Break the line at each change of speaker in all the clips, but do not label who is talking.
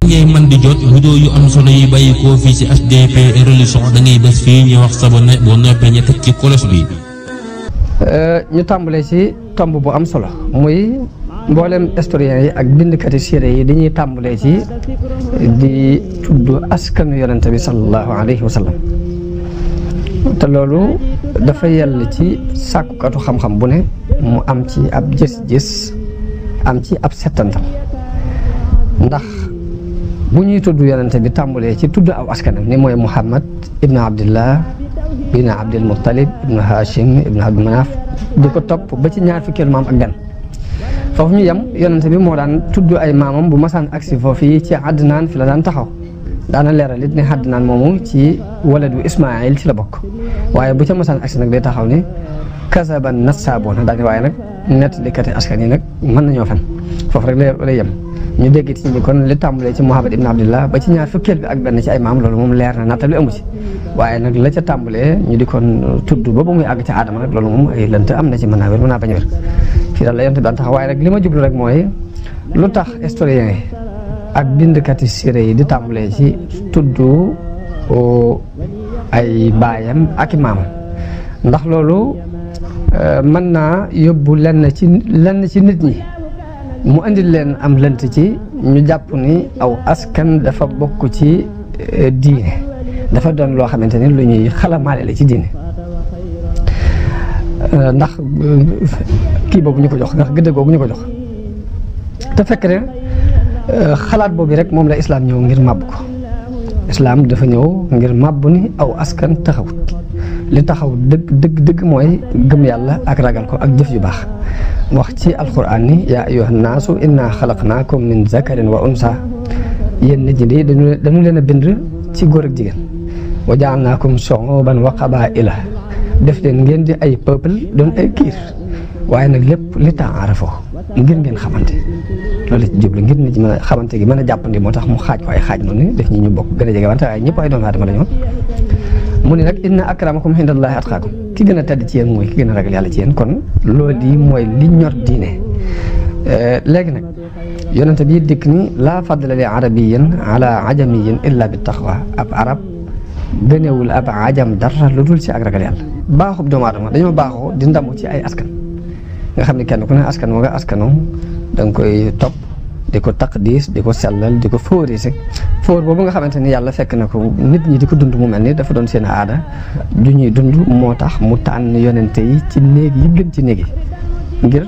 ngay man di jot vidéo yu am anu solo yi bàyyi koo fii ci HDP religion da ngay bés fi ñu wax ne bo noppé ñi tek ci kolos bi eh, ñu tambalé ci tomb bu am solo muy mboolem historien yi ak bindkati siire yi dañuy tambalé ci di tuddu askanu yaronte bi sallallahu alayhi Wasallam. ta lolu loolu dafa yel ci katu xam-xam bu ne mu am ci ab gis-gis am ci ab setantal ndax bu ñuy tudd yonente bi tàmbulee ci tudd aw askanam ni mooy Muhammad ibn Abdillah bin Abdul Muttalib ibn Hashim ibn Abdul Manaf di ko topp ba ci ñaar fukkeelu maam ak benn foofu ñu yem yonente bi moo daan tudd ay maamam bu masaan agsi foofu yi ci Adnaan fi la daan taxaw daana leeral it ne Adnaan moomu ci walla waladu Ismaayil ci la bokk waaye bu ca masaan aksi nag day taxaw ni kasaba nasaabuna na di waaye nag nettali kati askan yi nag mën nañoo fen foofu rek lay yem ñu dégg ci ni kon li tàmbalee ci Muhammad ibn Abdillah ba ci ñaar fukkeel bi ak benn ci ay maam loolu moom leer na nattab li amu waaye nag la ca tàmbalee ñu di kon tuddu ba ba muy àgg ci adama nag loolu moom ay lënt am na ci mën naa wér mën naa bañ a wér fii daal waaye nag li ma jublu rek mooy lu tax historien yi ak bindkati siré yi di tàmbalee ci tuddu ay baayam ak i ndax loolu euh, mën naa yóbbu lenn ci lenn ci nit ñi mu indi leen am lënt ci ñu jàpp ni aw askan dafa bokk ci euh, diine dafa doon loo xamante ni lu ñuy xalamaale la ci diine euh, ndax euh, kii boobu ñu ko jox ndax gëdd googu ñu ko jox te fekk ne xalaat boobu rek moom la islaam ñëw ngir màbb ko islaam dafa ñëw ngir màbb ni aw askan taxawut li taxaw dëgg dëgg dëgg mooy gëm yàlla ak ragal ko ak jëf yu baax wax ci alquran ni yaa ayyuha naasu inna xalaqnaakum min zakarin wa unsa yéen nit ñi di dañu dañu leen a bind ci góor ak jigéen wa jaalnaakum shuuban wa ngeen di ay peuple doon ay kiir waaye nag lépp li ta'aarafoo ngir ngeen xamante loolu ci jublu ngir nit ñi mën a xamante gi mën a jàppandi moo tax mu xaaj ko ay xaaj noonu def ñi ñu bokk gën a jege wante waaye ñëpp ay doomu aadama la ñoon mu nag inna akramakum indallahi atqaakum ki gën a tedd ci yéen mooy ki gën a ragal yàlla ci yéen kon loolu di mooy li ñor diine eh, léegi nag yonente bi dikk ni laa fadla li arabiyin ala ajamiyin illa bi taqwa ab arab gënewul ab ajam dara lu dul ci ak ragal yàlla baaxub doomu aadama dañoo baaxoo di ndamu ci ay askan nga xam ne kenn ku ne askan wa nga askanoom da koy top di ko taqdis di ko sellal di ko fóorise fóor boobu nga xamante ni yàlla fekk na ko nit ñi di ko dund mu mel ni dafa doon seen aada ju ñuy dund moo tax mu tànn yonente yi ci néeg yi gën ci néeg ngir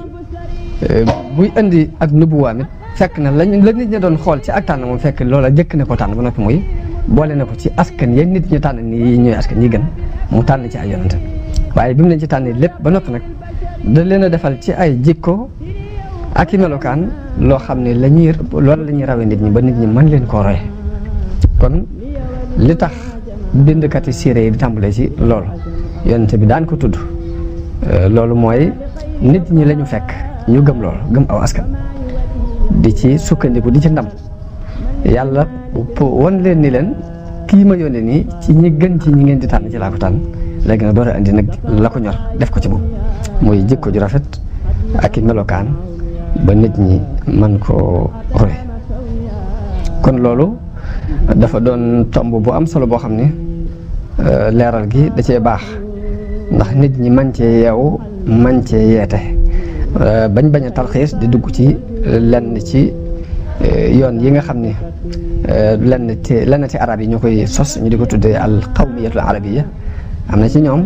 euh, buy indi ak nubuwaam it fekk na la la nit ñi doon xool ci ak tànn fekk loola jëkk na ko tànn ba noppi muy boole na ko ci askan yéen nit ñi tànn nii ñooy askan yi gën mu tànn ci ay yonente waaye bi mu leen ci tànnee lépp ba noppi nag da leen a defal ci ay jikko ak i lo loo xam ne la ñuy loolu la ñuy nit ñi ba nit ñi man leen ko roy kon li tax kat yi siire yi di tàmbale ci loolu yonente bi daan ko tuddu euh, loolu moy nit ñi lañu fekk ñu gëm lool gëm aw askan di ci sukkandiku di ci ndam yalla won leen ni leen ki ma yone ni ci ñi gën ci ñi ngeen di tan ci la ko tan legi na andi nak la ko ñor def ko ci moom moy jikko ju rafet ak i ba nit ñi man koo roy kon loolu dafa doon tomb bu am solo boo xam ne euh, leeral gi da cee baax ndax nit ñi man cee yeewu man cee yeete euh, bañ bañ a tarxiis di dugg ci lenn ci euh, yoon yi nga xam ne lenn ci lenn ci arab yi ñoo koy sos ñu di ko tuddee al qawmiyatul arabiya am na ci ñoom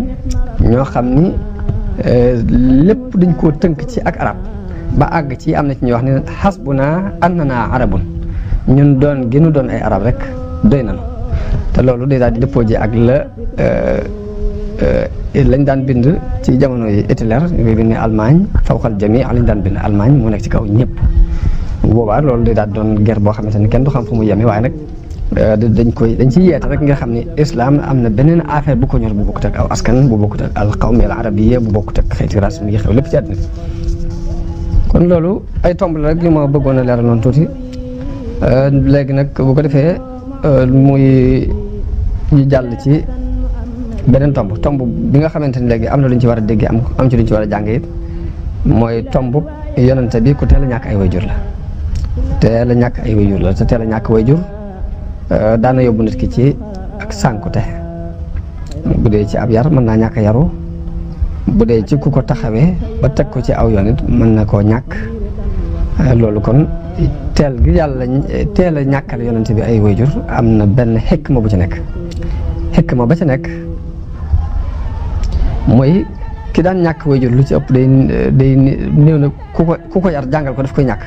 ñoo xam ni lépp dañ koo tënk ci ak arab باغ تي امنا تي وخني حسبنا اننا عرب نون دون غينو دون اي عرب رك دينا تا لولو دي دا دي بوجي اك لا ا لاني دان بيند تي جامونو ايتلر وي بين المان فوق الجميع لاني دان بين المان مو نيك تي كاو نيب بوبا لولو دي دا دون غير بو خامتاني كين دو خام فمو يامي واي نك دنج كوي دنج سي ييت رك نيغا خامني اسلام امنا بنين افير بو كو نور بو بوكو تك او اسكن بو بوكو تك القوم العربيه بو بوكو تك خيت راس مي خيو لب تي kon loolu ay tomb la rek yu ma bëggoon a leeral noonu tuuti euh, léegi nag bu ko defee euh, muy ñu jàll ci beneen tomb tomb bi nga xamante ni léegi am na lu ñu ci war a déggee am am ci lu ñu ci war a jàng mooy tomb yonente bi ku teel a ñàkk ay wayjur la te la ñàkk ay wayjur la te teel a ñàkk wayjur euh, daana yóbbu nit ki ci ak sànkute bu dee ci ab yar mën naa ñàkk yaru bu dee ci ku ko taxawee ba teg ko ci aw yoon it mën na koo ñàkk euh, loolu kon teel gi yàlla teel a ñàkkal yonent bi ay wayjur am na benn xikma bu ci nekk xikma ba ci nekk mooy ki daan ñàkk wayjur lu ci ëpp day day néew na ku ko ku ko yar jàngal ko daf koy ñàkk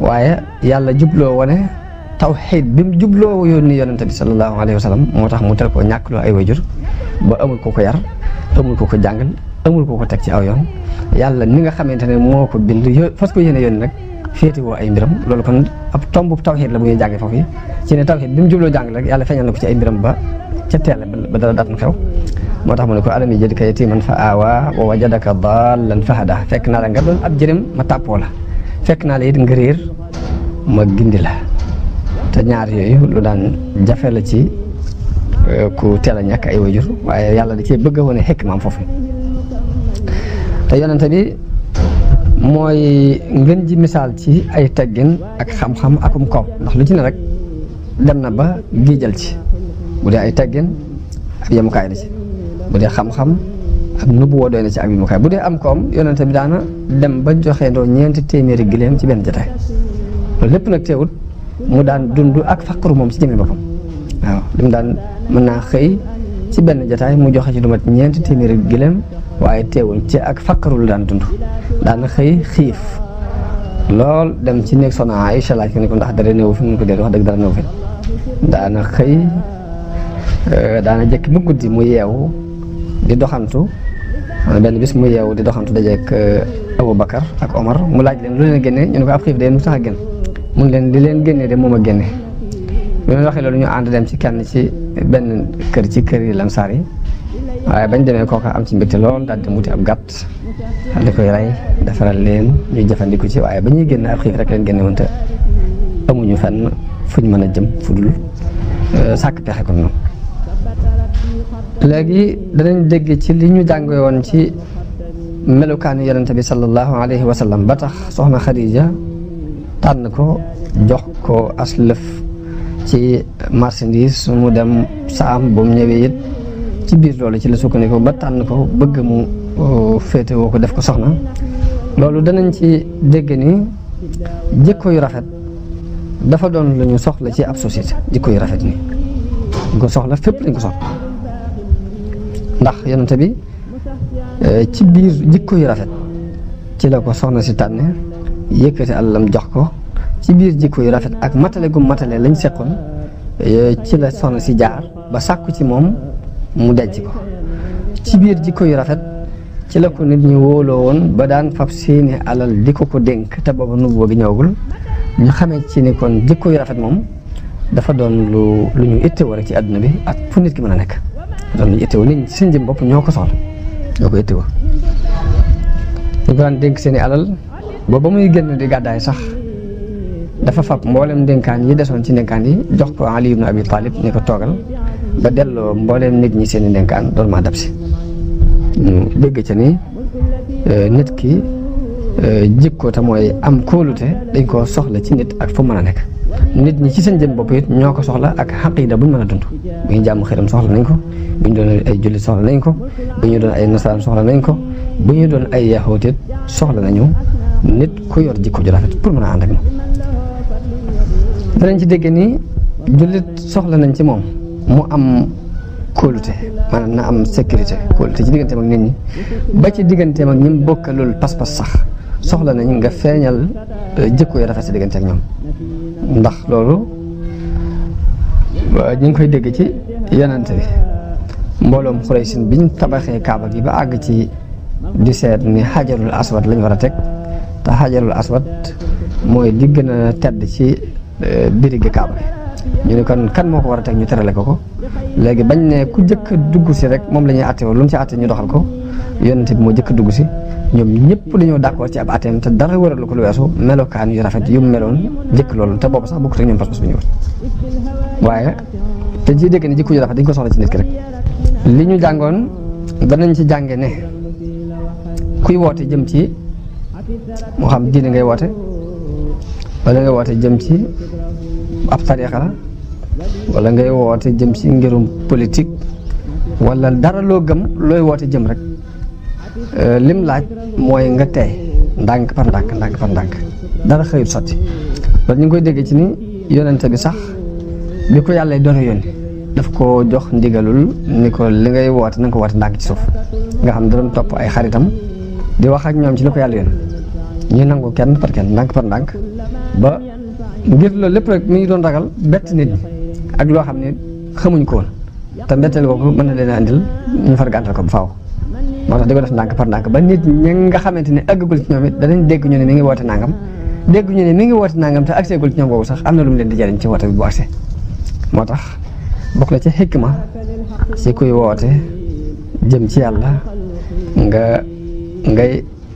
waaye yàlla jubloo wane tawxiid bi mu jubloo yónni yonent bi sallallahu alayhi wa sallam moo tax mu tel ko ñàkk loo ay wayjur ba amul ku ko yar amul ko ko jàngal amul ko ko teg ci aw yoon yàlla ni nga xamante ne moo ko bind yo fas ko yéene yoon nag féete woo ay mbiram loolu kon ab tombu tawxiid la bu ñuy jàngee foofu ci ne tawxiid bi mu jubloo jàng rek yàlla feeñal na ko ci ay mbiram ba ca teel ba dara daatan xew moo tax mu ne ko alam yajidka yatiman fa aawaa wa wajadaka daallan fa hadaa fekk naa la nga doon ab jërëm ma tàppoo la fekk naa la it nga réer ma gindi la te ñaar yooyu lu daan jafe la ci ku teel a ñàkk ay wajur waaye yàlla da cee bëgg a wane xekk maam foofu te yonente bi mooy ngeen ji misaal ci ay teggin ak xam-xam akum koom ndax lu ci ne rek dem na ba giijal ci bu dee ay teggin ab yemukaay na ci bu dee xam-xam ak nubuwoo doy na ci ab yemukaay bu dee am koom yonente daana dem ba joxe ndoo ñeenti téeméeri gileem ci benn jotaay loolu lépp nag teewut mu daan dund ak faqru moom ci jëmmi boppam waaw li mu daan mën naa xëy ci benn jataay mu joxe ci lu mat ñeenti téeméeri gëléem waaye teewul ci ak fakkarul daan dund daan xëy xiif lool dem ci néeg soxna Aïcha laaj ko ne ko ndax dara néew fi mu ko dee wax dëgg dara néew fi daana xëy euh, daana jëkk ba guddi mu yeewu di doxantu benn bis mu yeewu di doxantu dajeek euh, Abu Bakar ak Omar mu laaj leen lu leen génne ñu ne ko ab xiif de nu tax a génn mun leen li leen génne de moom a génne bi mu waxee loolu ñu ànd dem ci kenn ci benn kër ci kër yi lamsaar yi waaye bañ demee kooka am ci mbégte lool daal di muti ab gàtt daal di koy rey defaral leen ñuy jëfandiku ci waaye ba ñuy génn ab xiif rek leen génne woon te amuñu fenn fuñ mën a jëm fu dul euh, sàkk pexe kon noonu léegi danañ dégg ci li ñu jàngee woon ci melukaanu yonente bi sallallahu alayhi wa sallam ba tax soxna Xadija tànn ko jox ko aslëf ci marchandise mu dem saam bu mu ñëwee it ci biir loolu ci la sukkandiku ba tànn ko bëgg mu féete woo ko def ko soxna loolu danañ ci dégg ni jikko yu rafet dafa doon lu ñu soxla ci ab société jikko yu rafet ni ñu ko soxla fépp lañ ko soxla ndax yonente bi e, ci biir jikko yu rafet ci la ko soxna si tànne yëkkati àllam jox ko ci biir jikko yu rafet ak matale gu matale lañ seqoon eh, ci la soxna si jaar ba sàkku ci moom mu denc ko ci biir jikko yu rafet ci la ko nit ñi wóoloo woon ba daan fab seeni alal di ko ko dénk te booba nubboo gi ñëwagul ñu xamee ci ni kon jikko rafet moom dafa doon lu lu ñu itteewoo ci àdduna bi ak fu nit nekk doon lu ñu itteewoo nit ñoo ko soxla ñoo ko itteewoo ñu ko daan dénk seeni alal booba muy génn di gàddaay sax dafa fab mboolem ndénkaan yi desoon ci ndénkaan yi jox ko Ali ibn Abi Talib ni ko toogal ba delloo mbooleem nit ñi seen i ndénkaan doon maa dab si dégg ca ni euh, nit ki euh, jikko te mooy am kóolute dañ koo soxla ci nit ak fu mën a nekk nit ñi ci seen jëm bopp it ñoo ko soxla ak xaqiida buñ mën a dund bu ñu jàmm soxla nañ ko bu ñu doon ay jullit soxla nañ ko bu doon ay nasaraan soxla nañ ko bu ñu doon ay yaxuut it soxla na ñëw nit ku yor jikko ju rafet pour mën a ànd ak moom danañ ci dégg nii jullit soxla nañ ci moom mu am kóolute maanaam na am sécurité kóolute ci digganteem ak nit ñi ba ci digganteem ak ñim bokkalul pas-pas sax soxla nañ nga feeñal euh, jikko yu rafet sa diggante ñoom ndax loolu ñu ngi koy dégg ci yonante bi mbooloom bi ñu tabaxee kaaba gi ba àgg ci di seet ni xajarul aswad lañ war a teg te xajarul aswad mooy li gën a tedd ci di euh, digg kaaba ñu ne kon kan moo ko war a teg ñu terale ko ko léegi bañ ne ku jëkk dugg si rek moom la ñuy àtte woon lu mu ci àtte ñu doxal ko yonent bi moo jëkk dugg si ñoom ñëpp dañoo d'accord ci ab àtteem te dara waralu ko lu weesu melokaan yu rafet yu meloon jëkk loolu te boobu sax bokkut te ñoom pas-pas ñu wut waaye dañ ciy dégg ne jikko yu dañ ko soxla ci nit ki rek li ñu jàngoon danañ ci jànge ne kuy woote jëm ci moo xam diine ngay woote wala ngay woote jëm ci ab tariixa la wala ngay woote jëm ci ngirum politique wala dara loo gëm looy woote jëm rek euh, lim laaj mooy nga teey ndànk par ndànk ndànk par ndànk dara xëyut sotti loolu ñu ngi koy déggee ci ni yonente bi sax bi ko yàlla doon yónni daf ko jox ndigalul ni ko li ngay woote na nga ko woote ndànk ci suuf nga xam da doon topp ay xaritam di wax ak ñoom ci li ko yàlla yónni ñu nangu kenn par kenn ndànk par ndànk ba ngir la lépp rek mu ngi doon ragal bett nit ñi ak loo xam ne xamuñ ko woon te mbetteel boobu mën na leen a andil ñu far gàntal ko bu faaw moo tax di ko def ndànk par ndànk ba nit ñi nga xamante ne àggagul ci ñoom it danañ dégg ñu ne mi ngi woote nangam dégg ñu ne mi ngi woote nangam te accès gul ci ñoom boobu sax am na lu mu leen di jariñ ci woote bi bu accès moo tax bokk na ci xikma si kuy woote jëm ci yàlla nga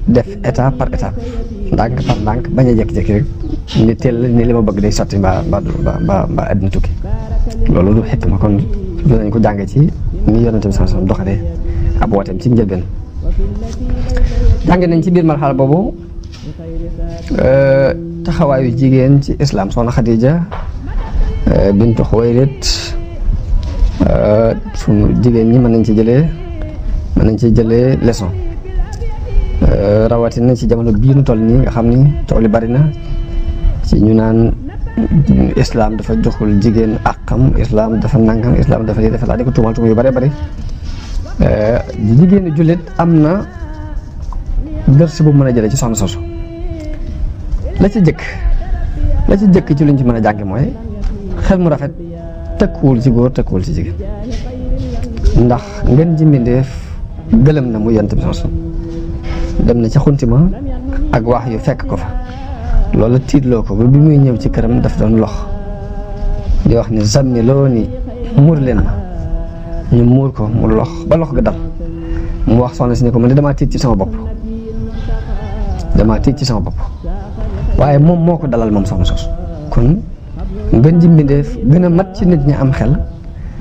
def étape par étape ndànk par ndànk bañ a jekki jékki rek ni teel ni li ma bëgg day sotti mbaa mbaa mbaa addina tukki loolu du xëpp ma kon dinañ ko jànge ci ni yonente bi sama sama doxalee ab wooteem ci njëlbeen jànge nañ ci biir marxal boobu euh, taxawaayu jigéen ci islam soxna Khadija euh, bintu Xuwaylid euh, sunu jigéen ñi mën nañ ci jëlee mën nañ ci jëlee leçon Euh, rawatina ci jamono bii nu toll nii nga xam ni coow li bari na ci ñu naan islam dafa joxul jigéen àqam islaam dafa nangam islam dafa lii dafa laa di ko tuumal tuuma yu bari bari euh, jigéenu jullit am na dërs bu mën a jëlee ci soxna soso la ci jëkk la ci jëkk ci luñ ci mën a jànge mooy xel mu rafet tëkkuwul ci góor tëkkuwul ci jigéen ndax ngeen ji mbindeef gëlëm na mu yent bi soxna dem na ca xuntima ak wax yu fekk ko fa loolu la tiitloo ko ba bi muy ñëw ci këram daf doon lox di wax ni zammi loo ni muur leen ma ñu muur ko mu lox ba lox ga dal mu wax soxna si ne ko man de damaa tiit ci sama bopp damaa tiit ci sama bopp waaye moom moo ko dalal moom soxna sos kon ngën ji mbindeef gën a mat ci nit ñi am xel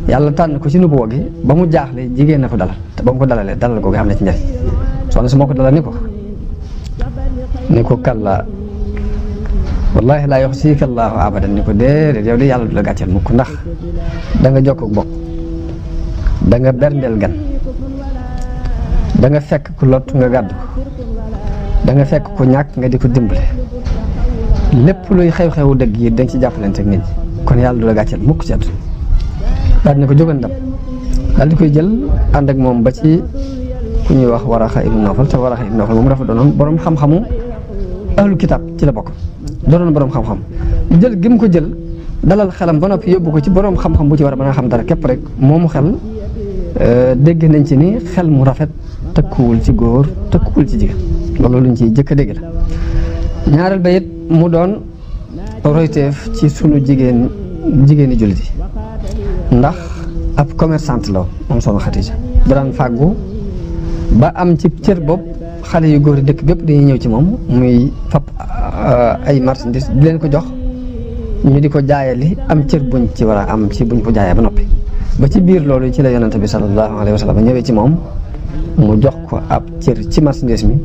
yàlla tànn ko ci nubuwa gi ba mu jaaxle jigéen na ko dalal te ba mu ko dalalee dalal googu am na ci njëriñ soxna si moo ko dala ni ko ni ko kalla wallahi laa yox si kallaahu abadan ni ko déedéet yow de yàlla du la gàcceel mukk ndax danga jox jokk bokk danga nga berndeel gan da nga fekk ku lot nga gàdd ko danga fekk ku ñàkk nga di ko dimbale lépp luy xew-xewu dëgg yi danga ci jàppalante ak nit ñi kon yàlla du la gàcceel mukk ci àdduna ni ko jógan ndam daal di koy jël ànd ak moom ba ci ku ñuy wax Waraxa ibn Nawfal te Waraxa ibn Nawfal moom dafa doonoon borom xam-xamu ahlul kitaab ci la bokk doonoon boroom xam-xam jël gi mu ko jël dalal xelam ba noppi yóbbu ko ci boroom xam-xam bu ci war a mën a xam dara képp rek moomu xel euh, dégg nañ ci ni xel mu rafet tëkkuwul ci góor tëkkuwul ci jigéen loolu luñ ciy jëkk a dégg la ñaareel ba mu doon royteef ci sunu jigéen jigéeni jullit yi ndax ab commerçante la moom soxna Xadija daan fàggu ba am ci cër bopp xale yu góor yi dëkk bépp dañuy ñëw ci moom muy fab euh, ay marchandise di leen ko jox ñu di ko jaayali am cër buñ ci war a am ci buñ ko jaayee ba noppi ba ci biir loolu ci la yonante bi sallallahu alayhi wa sallam ñëwee ci moom mu jox ko ab cër ci marchandise mi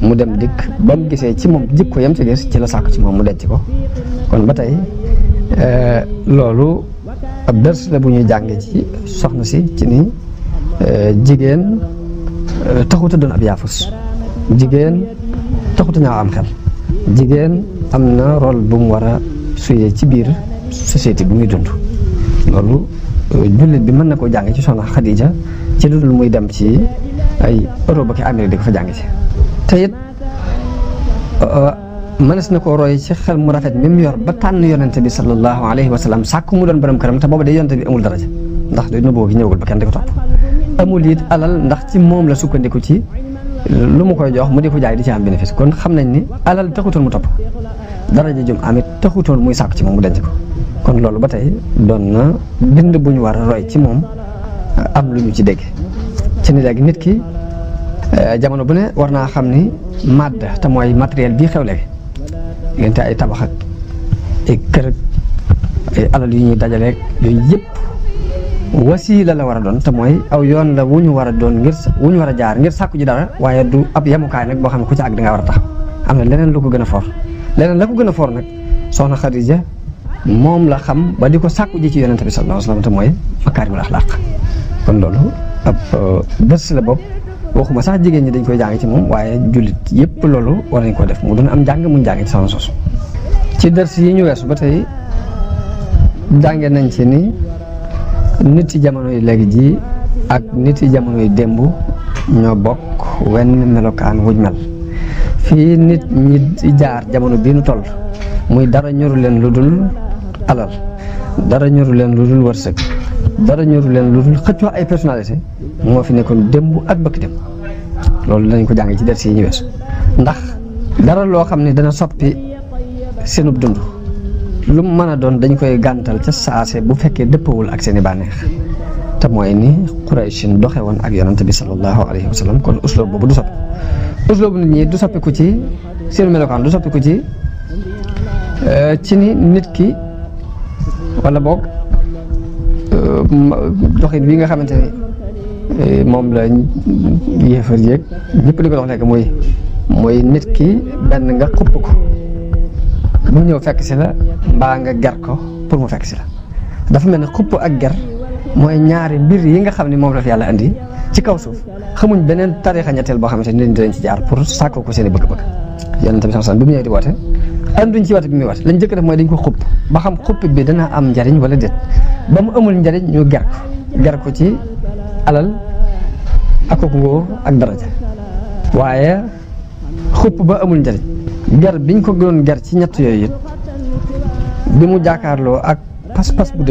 mu dem dikk ba mu gisee ci moom ko yam ci gis ci la sàkk ci moom mu denc ko kon ba tey euh, loolu ab dërs la bu ñuy jànge ci soxna si ci ni euh, jigéen taxuta doon ab yaafus jigéen taxuta ñaaw am xel jigéen am na rôle bu mu war a suyee ci biir société bi muy dund loolu jullit bi ci Khadija ci lu muy dem ci ay Europe ak Amérique di ko fa jàng ci te it mënees na koo roy ci xel mu rafet mi mu yor ba tànn yonente bi sallallahu alayhi wa sallam sàkk mu doon borom këram te booba day bi amul daraja ndax day ba kenn amul it alal ndax ci moom la sukkandiku ci lu mu koy jox mu di ko jaay di ci am bénéfice kon xam nañ ni alal taxutoon mu topp daraja jum amit taxutoon muy sàkk ci moom mu denc ko kon loolu ba tey doon na bind bu ñu war a roy ci moom am lu ñu ci dégg ci ni léegi nit ki euh, jamono bu ne war naa xam ni màdd te ay matériel bii xew léegi diggante ay tabax ak ay kër ak ay alal yu ñuy dajaleek yooyu yëpp wasiila la war a doon te mooy aw yoon la wu ñu war a doon ngir wu ñu war a jaar ngir sàkku ji dara waaye du ab yemukaay nag boo xam ne ku ci àgg da nga war a tax am na leneen lu ko gën a for leneen la ko gën a foor nag soxna Xadija moom la xam ba di ko sàkku ji ci yonente bi sallallahu alayhi wa te mooy makaarimul axlaaq kon loolu ab euh, bés la bopp waxuma sax jigéen ñi dañ koy jàng ci moom waaye jullit yépp loolu war nañ ko def mu doon am jàng mu jàng ci soxna soosu ci dërs yi ñu weesu ba tey jànge nañ ci ni nit yi jamono yi léegi ji ak nit yi jamono yi démb ñoo bokk wenn melokaan wuñ mel fii nit ñi jaar jamono bii nu toll muy dara ñoru leen lu dul alal dara ñoru leen lu dul wërsëg dara ñoru leen lu dul xëccoo ay personnalité moo fi nekkoon démb ak bëkk démb loolu danañ ko jàng ci ders yi ñu weesu ndax dara loo xam ne dana soppi seenub dund lu mana don, doon dañ koy gantal ca saase bu fekkee dëppawul ak seeni bànneex te mooy ni Qurayshin doxe woon ak yonante bi sallallahu alayhi wa kon usloob boobu du sopp usloob nit ñi du soppiku ci seen melokaan du soppiku ci euh, ci ni nit ki wala boog euh, doxin wi nga xamante ni euh, moom la yéefar yéeg ñëpp di ko dox nekk mooy mooy nit ki benn nga xupp ko mu ñëw fekk si la ba nga gar ko pour mu fekk ci la dafa melni xuppu ak gar moy ñaari mbir yi nga xamni mom la fi andi ci kaw suuf xamuñ benen tariixa ñettel bo xamni ni dañ ci jaar pour sakko ko seen bëgg-bëgg yalla tabi sallallahu alayhi wasallam bi ñëw di woote anduñ ci woote bi muy woote lañ jëkk def mooy dañ ko xupp ba xam xupp bi dana am njariñ wala déet ba mu amul njariñ ñu gar ko gar ko ci alal ak ko ngoo ak daraja waye xupp ba amul njariñ gar biñ ko doon gar ci ñett yoy Bimu jakarlo lo, ak pas-pas bu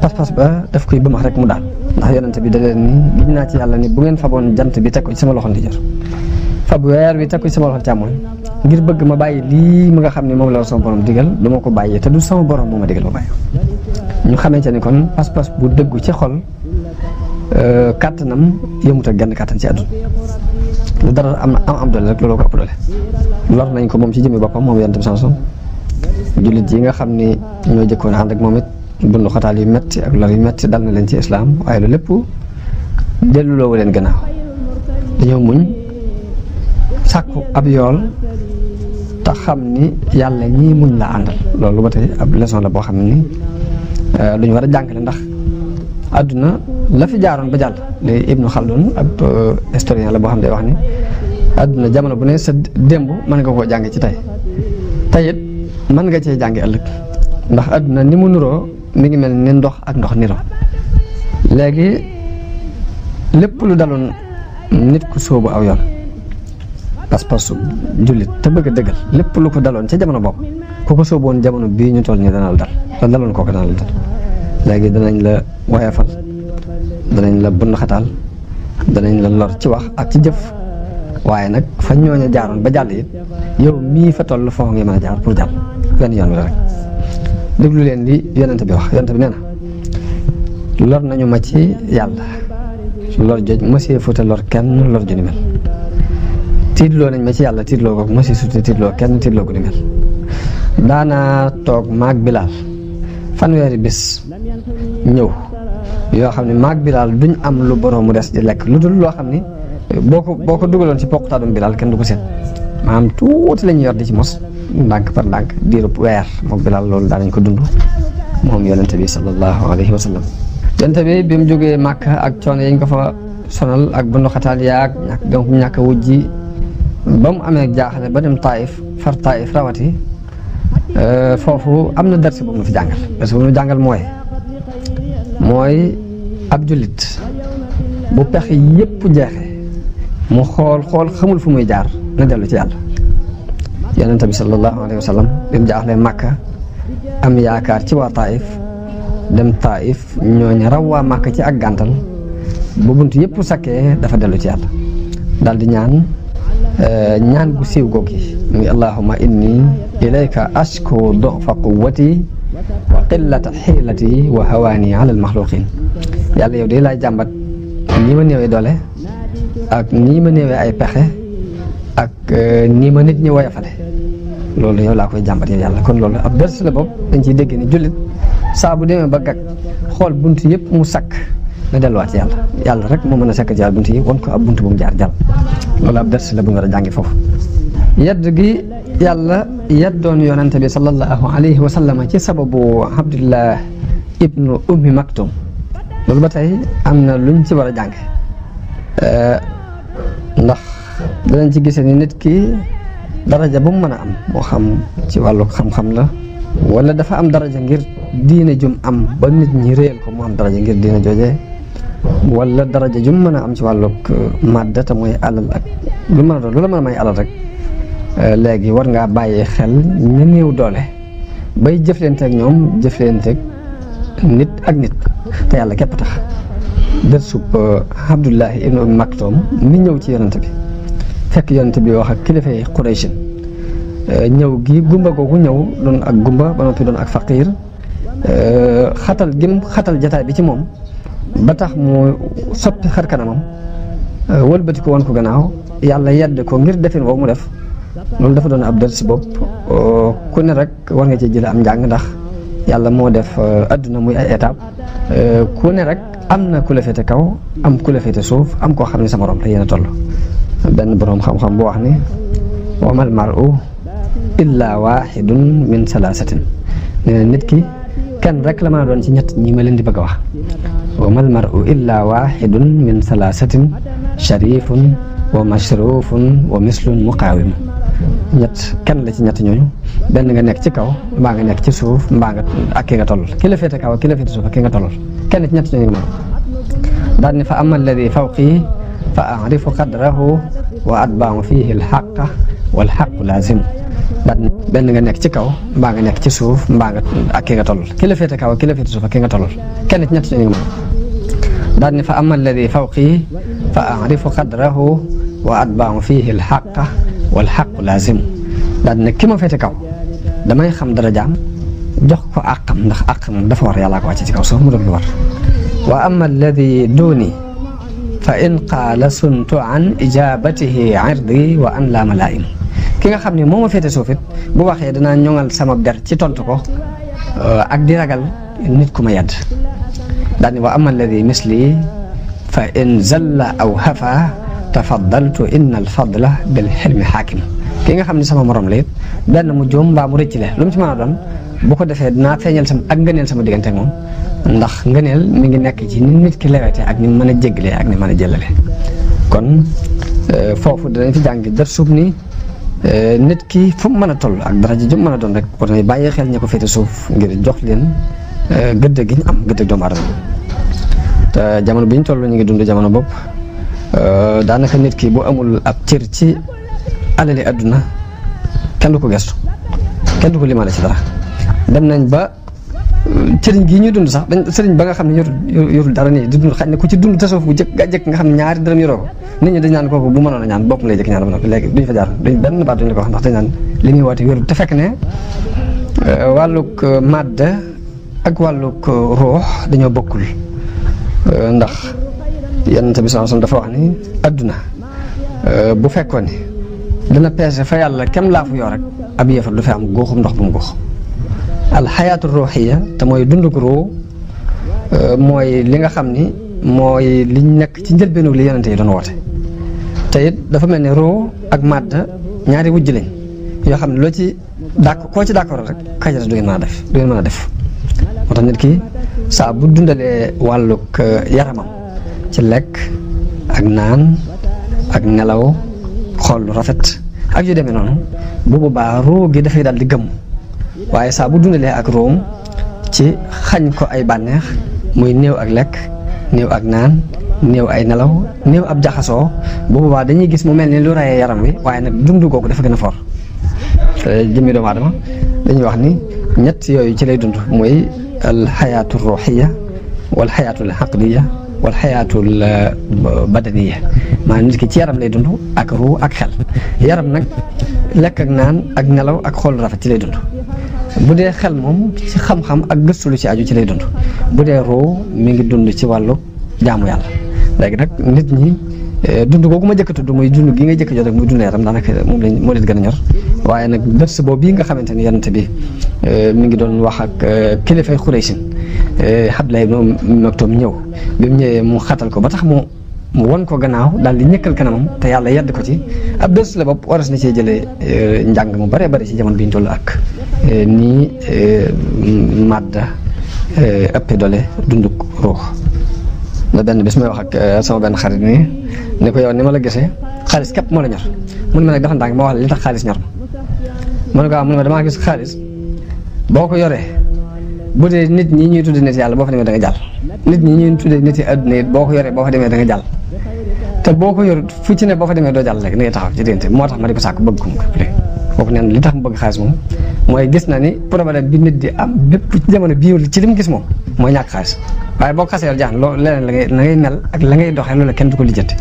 pas-pas ba daf koy bëmax rek mu dal ndax yonent bi dalen ni giñ ci yalla ni bu ngeen fabon jant bi teg ci sama di jar fab weer bi teg ci sama loxo càmmoñ ngir bëgg ma bayyi li ma nga xamni mom la sama borom digal du ko bayyi te du sama borom mo ma digal ma bàyyi ñu ci ni kon pas-pas bu dëggu ci xol euh katanam yëmuta gën katan ci adul lu dara am am am doole rek looloo ko ëpp dole lor nañ ko mom ci julit yi nga xam ni ñoo jëkkoon ànd ak moom it bundu xataal yu metti ak lor yu metti dal na leen ci islaam waaye lu lépp delluloowu leen gannaaw dañoo muñ sàkku ab yool te xam ni yàlla ñii muñ la àndal loolu ba tey ab leçon la boo xam ni euh, lu ñu war a ndax àdduna la fi jaaroon ba jàll léegi ibnu xaldun ab euh, historien la boo xam day wax ni àdduna jamono bu ne sa démb mën nga koo jàng ci tey tey it man nga cee jànge ëllëg ndax àdduna ni mu nuroo mi ngi mel ni ndox ak ndox niro léegi lépp lu daloon nit ku sóobu aw yoon pas-pasu jullit te bëgg dëggal lépp lu ko daloon ca jamono bopp ku ko sóoboon jamono bii ñu toll ni dana la dal la daloon kooku dana la dal léegi danañ la woyafal danañ la bunn xataal danañ la lor ci wax ak ci jëf waye nak fa ñooña jaaroon ba jall it yow mi fa toll fo ngi mën jaar pour jàll ben yoon bi rek déglu len li yonent bi wax yonent bi neena lor nañu ma ci yàlla lor ma ci fa lor kenn lor jëni ni mel tiitloo nañ ma ci yàlla tiitloo ko mosee suta tiitloo kenn tiitloo ko ni mel tok mag bilal fan wéri bis ñew yo xamni mag bilal duñ am lu borom mu dess di lek lu dul loo boko boko boo ci poqutaalum bi bilal ken du ko manam tout lañu yor di ci mos dank par dank diru wer mo bilal daal dañ ko dundu mom yonentabi sallallahu alayhi wa sallam yonente bim bi ak ciono yañ ko fa sonal ak bu ndoxataan yaag ñàkk donc ñàkk wujji bam amé jaxale ba dem taif far taif rawati euh fofu amna dars bu mu fi jàngal dars bu mu jangal moy moy ab bu yépp mu xool xool xamul fu muy jaar na dellu ci yàlla yonent bi sallallahu alayhi wasallam bim bi màkka am yaakaar ci waa taif dem taif ñooñu raw waa màkka ci ak gàntal bu bunt yëpp sakkee dafa dellu ci yàlla dal di ñaan euh, ñaan gu siiw gogi muy allahuma inni ilayka ashku dofa quwwati wa qillata xiilati wa hawani ala almaxluqin yàlla yow de laay jàmbat ni ma néewee doole ak nii ma néewee ay pexe ak euh, nii ma nit ñi woyofale loolu yow laa koy jàmbat yow yàlla kon loolu ab dërs la boobu dañ ciy dégg ni jullit saa bu demee ba gag xool bunt yëpp mu sakk na delluwaat ci yàlla yàlla rek moom mën a sakk ci yàlla bunt yi won ko ab bunt bu mu jaar jàll loolu ab dërs la bu nga war a jàngi foofu yedd gi yàlla yeddoon yonante bi sallallahu alayhi wa sallam ci sababu abdullah ibnu ummi maktum loolu ba tey am na luñ ci war a jàng Euh, ndax danañ ci gisee ni nit ki daraja ba mu mën a am moo xam ci wàllu xam-xam la walla dafa am daraja ngir diine jum am ba nit ñi réel ko mu am daraja ngir diine jooje wala daraja jum mën a am ci wàllug euh, màdda te mooy alal ak lu mën a doon lu la mën a may alal rek euh, léegi war ngaa bàyyi xel ñu néew doole bay jëfleenteeg ñoom jëfleenteeg nit ak nit te yàlla képp tax dërsub euh, Abdullahi ibnu Ummi Maktoum mi ñëw ci yonent bi fekk yonent bi wax ak kilifa yi Quraysh euh, ñëw gi gumba googu ñëw doon ak gumba ba noppi doon ak faqiir euh, xatal gim xatal jataay bi ci moom ba tax mu soppi xar kanamam wëlbati ko woon ko gannaaw yàlla yedd ko ngir defin woowu mu def loolu dafa doon ab dërsi bopp ku ne rek war nga ci jële am njàng ndax yàlla moo def adduna muy ay étape Euh, ku ne rek am na ku la kaw am ku la suuf am koo xam ne sa morom la yéen a toll benn boroom xam-xam bu wax ne wamal maru illa waxidun min salaasatin nit ki kenn rek la mën a doon ci ñett ñi ma leen di bëgg a wax wamal maru illa waxidun min salaasatin sharifun wa mashrufun wa mislun muqaawim ñett kenn la ci ñett ñooñu ben nga nek ci kaw ma nga nek ci suuf ma nga ak nga tollal ki la fete kaw ki la fete suuf ak ki nga tollal kenn ci ñett ñu moom dal ni fa amal ladi fawqi fa arifu qadrahu wa atbaahu fihi alxaqa walxaqu lazim dal ben nga nek ci kaw ma nga nek ci suuf ma nga ak nga tollal ki la fete kaw ki la fete suuf ak ki nga tollal kenn ci ñett ñu moom dal ni fa amal ladi fawqi fa arifu qadrahu wa atbaahu fihi alxaqa walxaqu lazim dal ni kima fete kaw damay xam dara jaam jox ko àqam ndax àq moom dafa war yàllaa ko wàcce ci kaw suuf mu doon lu war wa ama alladi duuni fa in qaala suntu an ijabatihi irdi wa an la malaim ki nga xam ne moo ma féete suuf it bu waxee danaa ñoŋal sama der ci tontu ko euh, ak di ragal nit ku ma yedd daal ni wa ama alladi misli fa in zalla aw hafa tafaddaltu inna alfadla bilxilmi xaakim ki nga xamni sama morom la it benn mu juum ba mu recc la lu mu ci ma a doon bu ko defé na feñal sama ak ngëneel sama diggante mom ndax mi ngi nekk ci ni nit ki lewete ak ni mën a ak ni kon euh, fofu dañ fi jàng daf suuf ni euh, nit ki fu mu toll ak dara ji jum mën doon rek war xel ñako suuf ngir jox leen euh, gëdd gi am gëdd doomu aadama ta jamono biñ ñu toll ñu ngi dund jamono bopp daanaka nit ki bu amul ab ci alali àdduna kenn ko gestu kenn du ko limaale ci dara dem nañ ba sëriñ gii ñuy dund sax dañ sëriñ ba nga xam ne yorul yorul dara nii di dund xaj ne ku ci dund tasawuf bu jëkk ga jëkk nga xam ne ñaari dërëm yoroo ko nit ñi dañ naan kooku bu mënoon a ñaan boppam lay jëkk ñaan ba léegi duñ fa jaar duñ benn wax ndax dañ naan li muy woote wérul te fekk ne euh, wàllug euh, màdda ak wàllug euh, ruux dañoo bokkul ndax yonent bi sallallahu alayhi wasallam dafa wax ni adduna bu fekkoon ni dana peese fa yàlla kem laa fu yoo rek ab yéefar du fa am góoxum ndox bu mu góox alxayaatu ruuxiya te mooy dunduk ruu euh, mooy li nga xam ni mooy liñ nekk ci njëlbeenu li yonente yi doon woote te dafa mel ni ruu ak màdda ñaari wujj lañ yoo xam ne loo ci dàkk koo ci d'accord rek kajara du ngeen mën a def du ngeen def moo tax nit ki saa bu dundalee wàllug euh, yaramam ci lekk ak naan ak nelaw xool lu rafet ak yu demee noonu bu boobaa roo gi dafay dal di gëm waaye saa bu dundalee ak room ci xañ ko ay bànneex muy néew ak lekk néew ak naan néew ay nelaw néew ab jaxasoo bu boobaa dañuy gis mu mel ni lu rayee yaram wi waaye nag dund googu dafa gën a for jëmmi doomu aadama dañuy wax ni ñett yooyu ci lay dund mooy alxayaatu ruuxiya wal xayaatu l wal xayaatul badaniya maa nit ki ci yaram lay dund ak ruu ak xel yaram nag lekk ak naan ak ngelaw ak xool rafet ci lay dund bu dee xel moom ci xam-xam ak gëstu lu ci aju ci lay dund bu dee ruu mi ngi dund ci wàllu jaamu yàlla léegi nag nit ñi dund googu ma jëkk tudd muy dund gi nga jëkk jot rek muy dund yaram daanaka moom lañ moo leen gën a ñor waaye nag gëstu boobu yi nga xamante ni yonent bi mi ngi doon wax ak kilifay xuraysin Eh, Abdoulaye ibn Maktoum ñëw bi mu ñëwee mu xatal ko ba tax mu mu won ko gannaaw daal di ñëkkal kanamam te yàlla yedd ko ci ab dës la bopp waras na cee jëlee eh, njàng mu bare bari ci jamono bi toll ak eh, nii madda ëppe dole dunduk ruux benn wax ak sama benn xarit nii ne ko yow ni ma la gisee xaalis képp moo la ñor mun ma nag dafa ndànk ma wax la li tax xaalis ñor ma mu ne ko waaw mun ma damaa gis xaalis boo ko yoree bu dee nit ñi ñuy tudde nit yàlla boo fa demee da nga jàll nit ñi ñuy tudde nit yi àdduna boo ko yoree boo fa demee da nga jàll te boo ko yor fu ci ne boo fa demee doo jàll rek da ngay taxaw ci moo tax ma ko sàkk bëgg ko mu ko foofu neen li tax mu bëgg moom mooy gis na ni problème nit di am bépp jamono bii ci li mu gis moom mooy ñàkk waaye boo xasee yor jaax na loolu leneen la ngay la ngay mel la kenn du ko lijjanti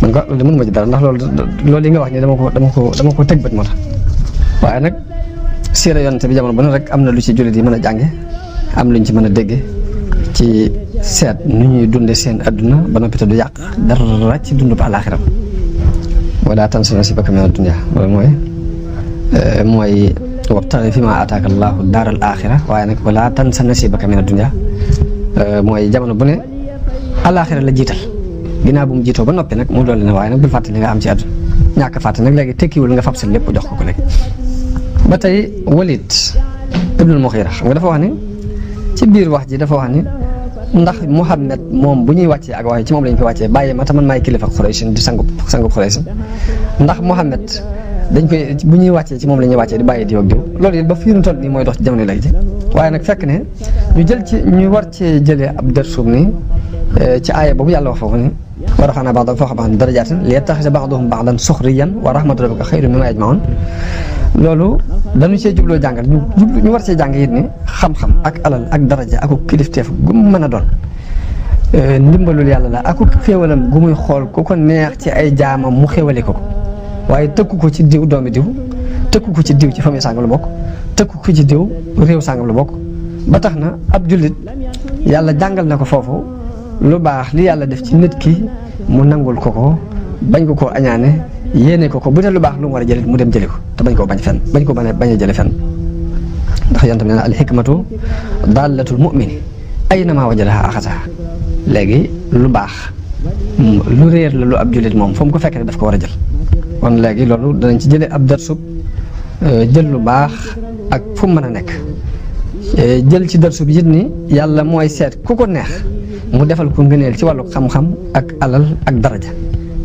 man ko loolu mënuma ci dara ndax loolu loolu yi nga wax ni dama ko dama ko dama ko tëg bët moo tax siira yonent bi jamono bu rek am na lu ci jullit yi mën a jànge am luñ ci mën a dégge ci seet nu ñuy dunde seen adduna ba noppi te du yàq dara ci dund ba àllaaxiram wala tansa nasiibaka mina dunya loolu mooy euh, mooy wabtaxi fi ma ataaka allaahu daaral aaxira waaye nag wala tansa nasiibaka mina dunya euh, mooy jamono bu ne àllaaxira la jiital ginnaaw bu mu jiitoo ba noppi nag mu dolli na waaye nag bul fàtte li nga am ci àdduna ñàkk fàtte nag léegi tekkiwul nga fab seen lépp jox ko ko léegi ba tey Walid ibnul Muxiira xam nga dafa wax ni ci biir wax ji dafa wax ni ndax Muhammad moom bu ñuy wàccee ak wax ci moom la ñu wàccee bàyyi ma te man maay kilifa Xuraysh di sangub sangub Xuraysh ndax Muhammad dañ koy bu ñuy wàccee ci moom la ñuy wàccee di bàyyi diw ak diw loolu it ba fii nu toll nii mooy dox ci jamono ji waaye nag fekk ne ñu jël ci ñu war cee jëlee ab dërsum ni eh, ci aaya boobu yàlla wax foofu ni ورفعنا بعضهم فوق بعض درجات ليتخذ بعضهم بعضا سخريا ورحمة ربك خير مما يجمعون loolu dañu see jubloo jàngal ñu jublu ñu war see jàng it ne xam-xam ak alal ak daraja ak kilifteef gu mu mën doon ndimbalul yàlla la ak xéewalam gu muy xool ku neex ci ay jaamam mu xéewale ko ko waaye tëkku ko ci diw doomi diw tëkku ko ci diw ci famille sàngam la bokk tëkku ko ci diw réew sàngam la bokk ba tax na ab jullit yàlla jàngal na ko foofu lu baax li yàlla def ci nit ki mu nangul ko ko bañ ko ko añaane yéene ko ko bu dee lu baax lu mu war a jëli mu dem jëli ko te koo bañ fenn bañ ko bañ a jëli fenn ndax yonent bi nee na al hikmatu dallatul mu'mini aynama wajadaha axasaha léegi lu baax lu réer la lu ab moom fu mu ko fekk daf ko war a jël kon léegi loolu danañ ci jëlee ab darsub euh, jël lu baax ak fu mën a nekk euh, jël ci darsub yit ni yàlla mooy seet ku ko neex mu defal ko ngëneel ci wàllu xam-xam ak alal ak daraja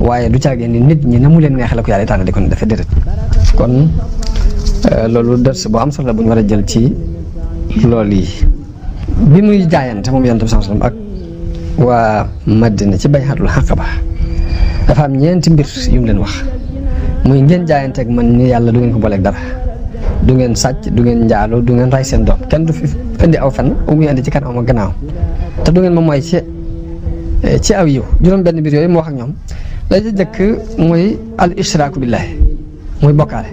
waaye du caagee ni nit ñi na mu leen neexee la ko yàlla tànn di ko defee déedéet kon euh, loolu ders bu am solo la bu ñu war a jël ci lool yi bi muy jaayante moom yonent bi sallam ak waa Madina ci bayxatul xaqaba dafa am ñeenti mbir yu mu leen wax muy ngeen jaayante ak man ni yàlla du ngeen ko booleeg dara du ngeen sàcc du ngeen njaalo du ngeen ray seen doom kenn du fi indi aw fen muy indi ci kanam ak gannaaw te du ngeen ma mooy ci eh, ci aw yiw juróom benn mbir yooyu mu wax ak ñoom la ca jëkk mooy al ishraaku billaahi muy bokkaale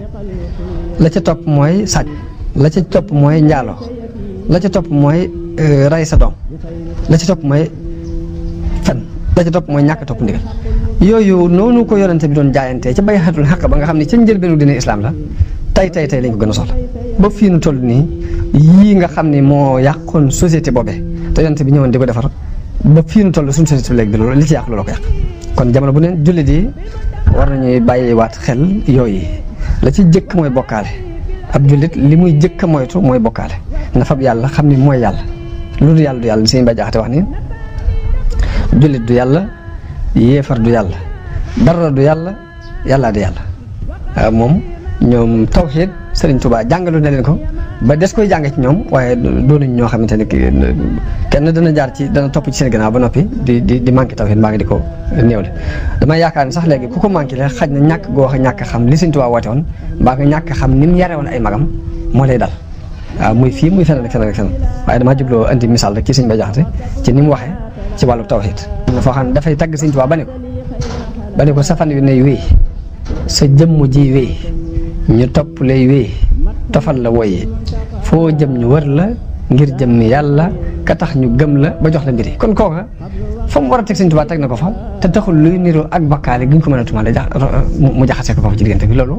la ca topp mooy sàcc la ca topp mooy njaalo la ca topp mooy eh, ray sa doom la ci topp mooy fen la ca topp mooy ñàkk topp ndigal yooyu noonu ko yonente bi doon jaayantee ca bay xatul xaq ba nga xam ne ca njëlbeenu dina islaam la tey tey tey lañ ko gën a soxla ba fi nu toll nii yi nga xam ne moo yàqoon société boobee te yonte bi ñëwoon di ko defar ba fii nu toll suñu société bi léegi loolu li ci yàq loolu ko yàq kon jamono bu ne jullit yi war nañuy bàyyiwaat xel yooyu la ci jëkk mooy bokkaale ab jullit li muy jëkk a moytu mooy bokkaale na fab yàlla xam ne mooy yàlla lu du yàlla du yàlla sëñ ba jaxate wax ni jullit du yàlla yéefar du yàlla dara du yàlla yàllaa du yàlla moom ñoom tawxiid Sëriñ Tuubaa jàngalu na leen ko ba des koy jàng ci ñoom waaye doonuñ ñoo xamante ni kenn dana jaar ci dana topp ci seen gannaaw ba noppi di di di manqué tawxiid mbaa ngi di ko néewle dama yaakaar na ñàkk goo wax ñàkk xam li Sëriñ Tuubaa woote woon mbaa nga ñàkk xam ni mu yare woon ay magam moo lay dal waaw ah, muy fii muy feneen ak feneen ak feneen waaye damaa jubloo andi misaal rek ci Sëriñ Bay Jaxate ci ni mu waxee ci wàllu tawxiid foo xam ne dafay tagg Sëriñ Tuubaa ba ne ko ba ne ko sa ñu topp lay wéy tofal la woyee foo jëm ñu wër la ngir jëm ni yàlla ka tax ñu gëm la ba jox la mbiri kon kooka fa mu war a teg Sëñ Tuubaa teg na ko fa te taxul luy niroo ak bakkaale gi ñu ko mën a tumaale jax mu jaxase ko foofu ci diggante bi loolu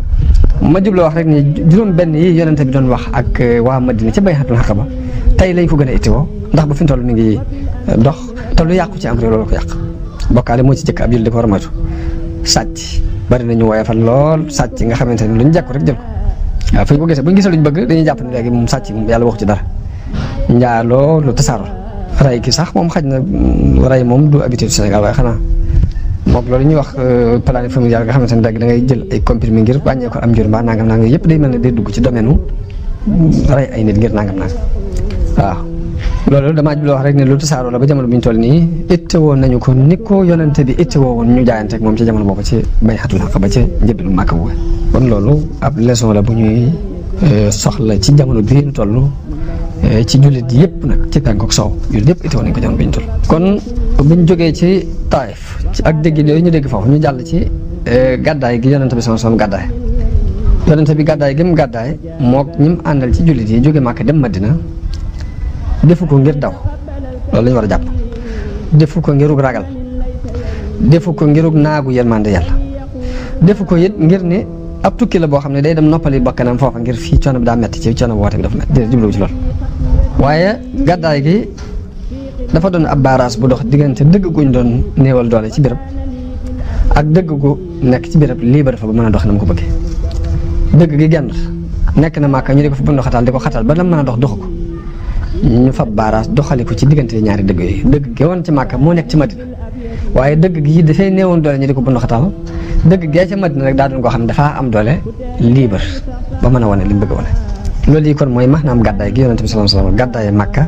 ma jubloo wax rek ni juróom benn yi yonente bi doon wax ak euh, waa Madina ca bayxatul xaq ba tey lañ ko gën a ittiwoo ndax ba fi mu toll mi ngi euh, dox te lu yàqu ci am réew loolu ko yàq bokkaale moo ci jëkk ab yul di ko war moytu sàcc bari nañu woyofal lool sàcc nga xamante ne luñ jàkku rek jël ko waaw fu ñu ko gisee bu ñu gisee luñ bëgg dañuy jàpp ne léegi moom sàcc yàlla wax ci dara njaaloo lu tasaaroo ray ki sax moom xaj na mm, ray moom du habitude Sénégal waaye xanaa moom loolu ñu wax euh, planning familial nga xamante ne léegi da ngay jël ay comprimés ngir wàññee ko am njur mbaa nangam nangam yëpp day mel ne day dugg ci domaine mm, ray ay nit ngir nangam nangam loolu damaa jubloo wax rek ne lu tasaaroo la ba jamono bi ñu toll nii ittewoo nañu ko ni ko yonente bi ittewoo woon ñu jaayanteeg moom ci jamono boobu ci bay xatul xaq ba ci njëbbilu màkk bu kon loolu ab leçon la bu ñuy euh, soxla ci jamono bii ñu toll euh, ci jullit yëpp ci tàngook soow jullit yëpp ittewoo nañ ko jamono bi ñu toll. kon biñ jógee ci taayif ci ak dégg yooyu ñu dégg foofu ñu jàll ci euh, gàddaay gi yonente bi sama sama gàddaay yonente bi gàddaay gi mu gàddaay mook ñi mu ci jullit yi jóge màkk dem ma madina defu ngir daw lolou lañu wara japp defuko defu ragal defuko ngiruk nagu yermande yalla defuko defu ngir ne ab tukki la bo xamne day dem noppali bakkanam fofu ngir fi coono da metti ci coono wote woote bi dafa metti dé jubluwu ci lol waye gaday gi dafa don ab baras bu dox digante deug guñ don neewal doole ci birab ak deug gu nek ci birab libre fa ba meuna dox nam ko beugé deug gi genn nek na maka ñu fa xatal ba lam meuna dox ñu fab baaraas doxali ko ci diggante ñaari dëgg yi dëgg gi ci Màkka moo nekk ci Madina waaye dëgg gi dafay woon doole ñu di ko bund xatal dëgg gee ci Madina rek daa doon koo xam ne dafaa am doole libre ba mën a wane li mu bëgg a wane loolu yi kon mooy maanaam gàddaay gi yonente bi salaam salaam gàddaaye makka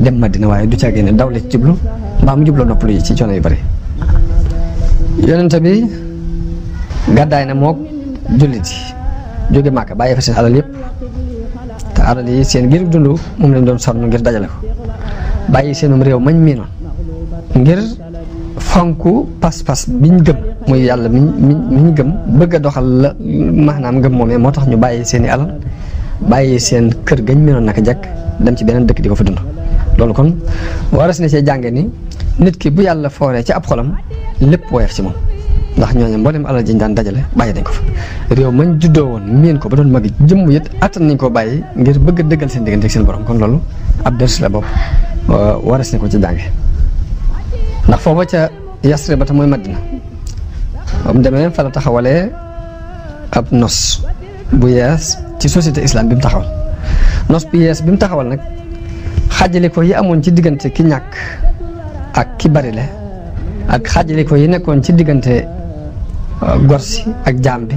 dem Madina waaye du caa génne daw la ci jublu mbaa mu jubloo noppalu yi ci coono yu bëri yonente bi gàddaay na moo jullit yi jóge Màkka bàyyi fa seen alal yëpp alal yi seen ngir dund moom lañ doon sonn ngir dajale ko bàyyi seenum réew mañ miinoon ngir fonk pas-pas biñ gëm muy yàlla mu mi ñu gëm bëgg a doxal la maanaam gëm moomee moo tax ñu bàyyi seen i alal bàyyi seen kër gañ miinoon naka jekk dem ci beneen dëkk di ko fa dund loolu kon waras na cee jànge ni nit ki bu yàlla fooree ci ab xolam lépp woyof ci moom ndax ñooñu mboolem alal jiñ daan dajale baye nañ ko fa rew mañ juddo won miin ko ba doon magi jëm yit attan nañ ko baye ngir bëgg a dëggal seen digënté ak seen borom kon loolu ab ders la bop waras ne ko ci jànge ndax fofu ca yasre ba ta moy madina am demé fa la taxawalé ab nos bu yees ci société islam bi mu taxawal nos bu yees bi mu taxawal nak xaajale ko yi amon ci digënté ki ñak ak ki bari le ak xaajale ko yi nekkon ci digënté gor ak jaam bi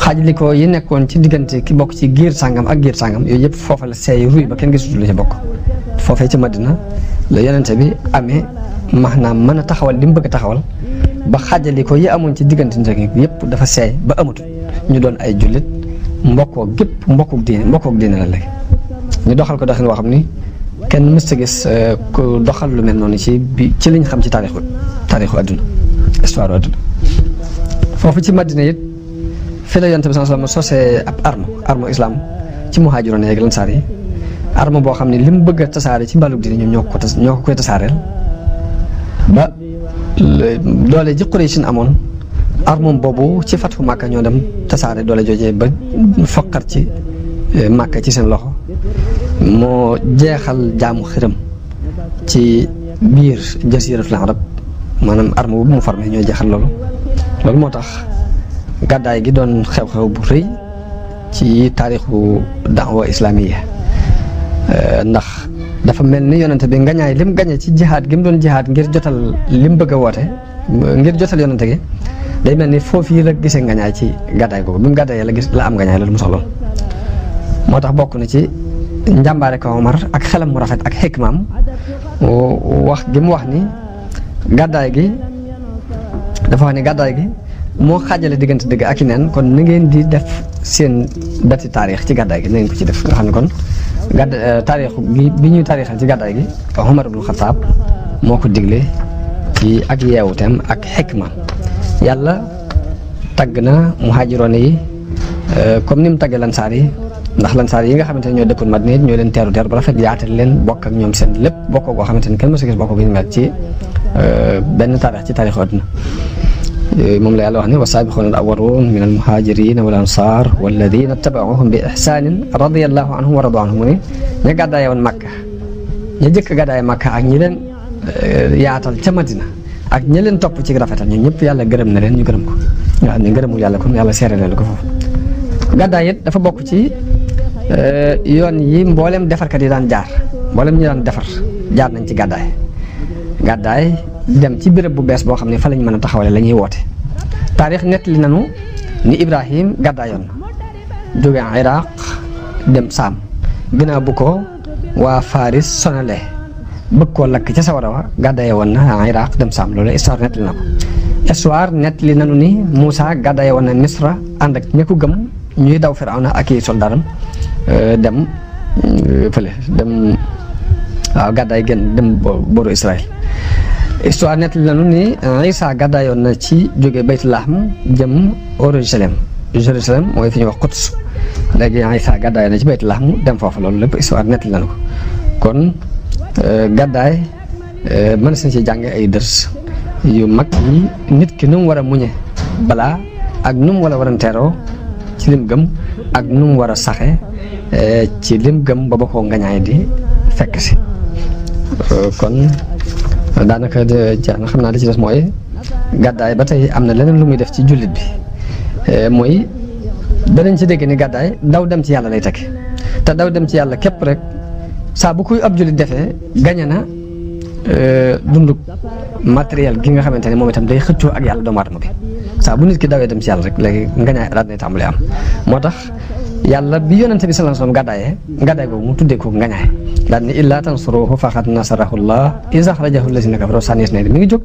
xaajali ko yi nekkoon ci diggante ki bokk ci giir sàngam ak giir sàngam yooyu yëpp foofa la seey ruy ba kenn gisatu lu ci bokk foofee ci madina la yonente bi amee maanaam mën a taxawal li mu bëgg a taxawal ba xaajali ko yi amoon ci diggante njëkk yëpp dafa seey ba amatul ñu doon ay jullit mbokkoo gépp mbokku diine mbokkook diine la léegi ñu doxal ko doxin woo xam ni kenn mës a gis euh, ku doxal lu mel noonu ci ci liñ xam ci taarixu taarixu foofu ci Madina it fi la yonent bi sallallahu alayhi wasallam sosee ab arme arme ci muhaajiroon ak lansaar yi arme boo xam ne li mu bëgg a tasaare ci mbalug dina ñoom ñoo ko tas ñoo koy tasaareel ba doole ji Quraysh amoon arme boobu ci fatu Màkka ñoo dem tasaare doole joojee ba fokkat ci eh, Màkka ci seen loxo moo jeexal jaamu xiram ci biir jasiratul arab maanaam arme boobu mu formé ñoo jeexal loolu loolu moo tax gàddaay gi doon xew-xew bu rëy ci taarixu daawa islamiya euh, ndax dafa mel ni yonente bi ngañaay lim gañe ci jihaad gi mu doon jihaad ngir jotal lim bëgg woote ngir jotal yonente gi day mel ni foofu yi la gisee ngañaay ci gàddaay googu bi mu gàddaayee la gis la am ngañaay loolu mu soxloon moo tax bokk na ci njàmbaare ko Omar ak xelam mu rafet ak xikmaam wax gi mu wax ni gàddaay gi dafa wax ne gàddaay gi moo xaajale diggante dëgg ak i neen kon na ngeen di def seen dati taarix ci gàddaay gi na ngeen ko ci def nga xam ne kon gàdda euh, taarix bi bi ñuy taarixal ci gàddaay gi Omar ibn Khattab moo ko digle ci ak yeewuteem ak xikma yàlla tagg na muhaajiroon yi euh, comme ni mu tagge lansaar yi ndax lansaar yi nga xamante ne ñoo dëkkoon Madina it ñoo leen teeru teer ba rafet yaatal leen bokk ak ñoom seen lépp bokk goo xamante ni kenn mësu gis bokk gu ñu mel ci benn taarix ci taarixu àdduna moom la yàlla wax ne wasaabiquuna al awwaluun min al muhaajiriina wal ansaar walladina tabauhum bi ihsaanin radiallahu anhum wa radu anhum mu ne ña gàddaaye woon Makka ña jëkk gàddaaye Makka ak ñi leen yaatal ca Madina ak ñi leen topp ci rafetal ñun ñëpp yàlla gërëm na leen ñu gërëm ko nga xam ne gërëmul yàlla kon yàlla seere leen ko foofu gàddaay it dafa bokk ci Euh, yoon yi mboolem defarkat yi daan jaar mboolem ñi daan defar jaar nañ ci gàddaay gàddaay dem ci béréb bu bees boo xam ne fa lañ mën a taxawale lañuy woote taarix nettali nanu ni Ibrahim gàddaayoon na jóge Iraq dem Saam ginnaaw bu ko waa Faris sonale bëgg koo lakk sawara wa gàddaaye woon na Iraq dem Saam loolu histoire nettali na ko histoire nettali nanu ni Moussa gàddaaye woon na Misra ànd ak ña ko gëm ñuy daw na ak i soldaaram Euh, dem euh, fële dem waaw gàddaay gën dem boru Israël histoire nett lanu ni euh, Isa gàddaayoon na ci jóge Baytul Laxam jëm Jérusalem Jérusalem mooy fi ñuy wax Quds léegi Isa gàddaayoon na ci Baytul Laxam dem foofu loolu lépp histoire nett lanu ko kon gàddaay mën si ci jànge ay dërs yu mag ñi nit ki nu mu war a muñe balaa ak nu mu war a war a ci lim gëm ak nu mu war a saxe Eh, ci lim gëm ba ba ko ngañaay di fekk si eh, kon daanaka jeex na xam naa li ci des mooy gàddaay ba tey am na leneen lu muy def ci jullit bi eh, mooy beneen ci dégg ni gàddaay daw dem ci yàlla lay tekki te daw dem ci yàlla képp rek saa bu kuy ab jullit defee gañe na dunduk matériel ki nga xamante ne moom itam day xëccoo ak yàlla doomu aadama bi saa bu nit ki dawee dem ci yàlla rek léegi ngañaay daal nay tàmbalee am moo tax yàlla bi yonente bi sallallahu alayhi wasallam gàddaaye gàddaay googu mu tuddee ko ngañaay daal ni illaa tansuruhu faqad nasarahullah iz akhrajahu allazina kafaru sanis ne mi ngi jóg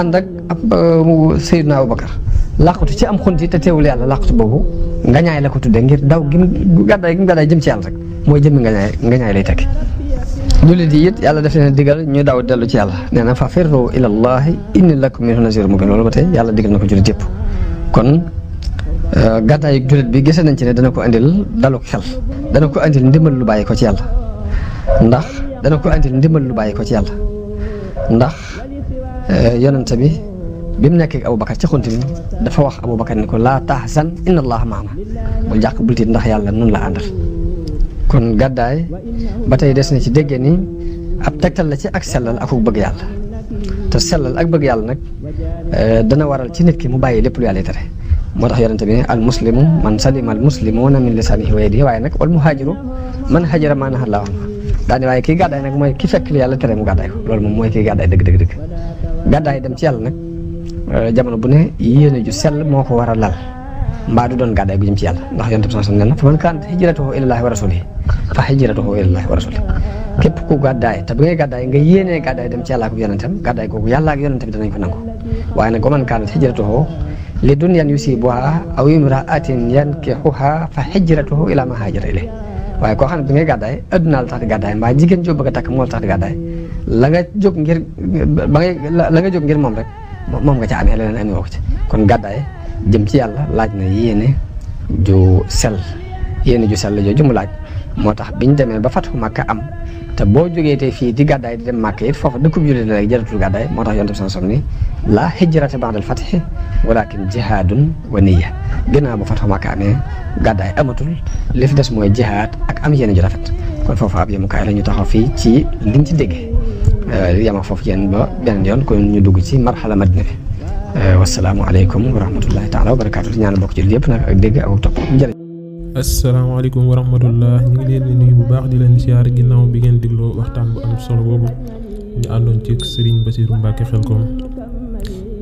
ànd ak ab euh, Seydina Abubakar làqatu ci am xunti te teewul yàlla làqatu boobu nga ngañaay la ko tuddee ngir daw gi gàddaay gi gàddaay jëm ci yàlla rek mooy jëmmi ngañaay ngañaay lay tekki jullit yi it yàlla def leen digal ñu daw dellu ci yàlla nee na fa firru ilallahi inni lakum minhu nazirun mubin loolu ba tey yàlla ko jullit yëpp Euh, gàddaayu jullit bi gise nañ ci ne dana ko andil daluk xel dana ko andil ndimbal lu bàyyi ko ci yàlla ndax dana ko andil ndimbal lu bàyyi ko ci yàlla ndax euh, yonent bi bi mu nekk Aboubacar ci xunti dafa wax Aboubacar ni ko laa tahzan inna allaha maana bu jàq bul ndax yàlla nun la àndal kon gàddaay ba tey des na ci déggee ni ab tegtal la ci ak sellal ak bëgg yàlla te sellal ak bëgg yàlla nag euh, dana waral ci nit ki mu bàyyi lépp lu yàlla tere moo tax yonente bi ne al muslimu man salima al muslimuna min lisanihi wa yadihi waaye nag wal muhajiru man hajara maa nahaa Allaahu waaye kii gàddaay nag mooy ki fekk li yàlla tere mu gàddaay ko loolu moom mooy kii gàddaay dëgg dëgg dëgg gàddaay dem ci yàlla nag euh, jamono ne ju sell moo ko war a lal mbaa du doon gàddaay gu jëm ci yàlla ndax yonent bi sallallahu alayhi wasallam nee na fa man kaanat hijratuhu ilallaahi wa wa rasulihi képp ku gàddaay te bu ngay gàddaay nga yéenee gàddaay dem ci yàlla ak yonentam gàddaay googu yàlla ak yonente bi danañ ko nangu waaye li dunyan yusibuha aw imraatin yankixuha fa hijratuhu ila ma haajara ilayh waaye koo xam ne bi ngay gàddaay addunaa la tax di gàddaay mbaa jigéen joo bëgg a takk moo la tax di gàddaay la nga jóg ngir ba ngay la nga jóg ngir moom rek moom nga ca amee leneen andi woo ko kon gàddaay jëm ci yàlla laaj na yéene ju sell yéene ju sell jooju mu laaj moo tax biñ demee ba fatu Makka am te bo joge te fi di gaday di dem màkk it foofa dëkkub jullit la jaratul gaday motax yonte bi sama ni la hijrata al fath walakin jihadun wa niyya gina ba fatha makka ne gaday amatul li fi des mooy ak am yene ju rafet kon fofu ab yemukaay kay lañu taxaw fi ci liñ ci euh yama fofu yene ba beneen yon kon ñu dugg ci marhala madina bi wasalaamu alaykum wa rahmatullahi taala wa barakatuh ñaan bokk ci yëpp nak ak dégg ak top jere Assalamualaikum warahmatullah. rahmatullah ñu ngi leen di nuyu bu baax di leen siyaar ginnaaw bi ngeen digloo waxtaan bu am solo boobu ñu àndoon ci Serigne Bassirou Mbacke Xelkom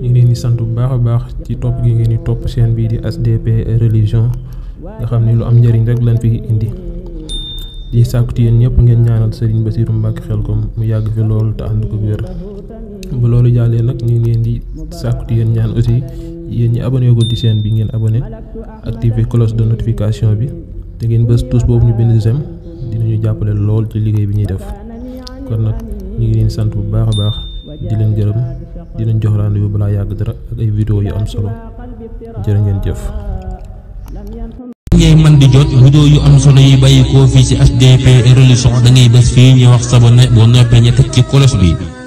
ñu ngi di sant bu baax a baax ci topp gi ngeen di topp bii di SDP religion nga xam ne lu am njëriñ rek lañ fi indi di sàkku ci yéen ñëpp ngeen ñaanal Serigne Bassirou Mbacke Xelkom mu yàgg fi loolu te ànd ko wér bu loolu jàllee nag ñu ngi leen di sàkku ci yéen ñaan aussi yen ñi abonné ko di chaîne bi ngeen abonné activer cloche de notification bi te ngeen bëss tous bobu ñu bind j'aime dinañu jappalé lool ci liggéey bi ñi def kon nak ñi ngi leen sant bu baax baax di leen gërëm dinañ jox rendez-vous balaa dara ak ay vidéo yu am solo jërë ngeen jëf ngay man di jot vidéo yu am solo yi bayiko fi fii ci HDP religion da ngay bëss fi ñi wax sa bo noppé ñi tek ci cloche bi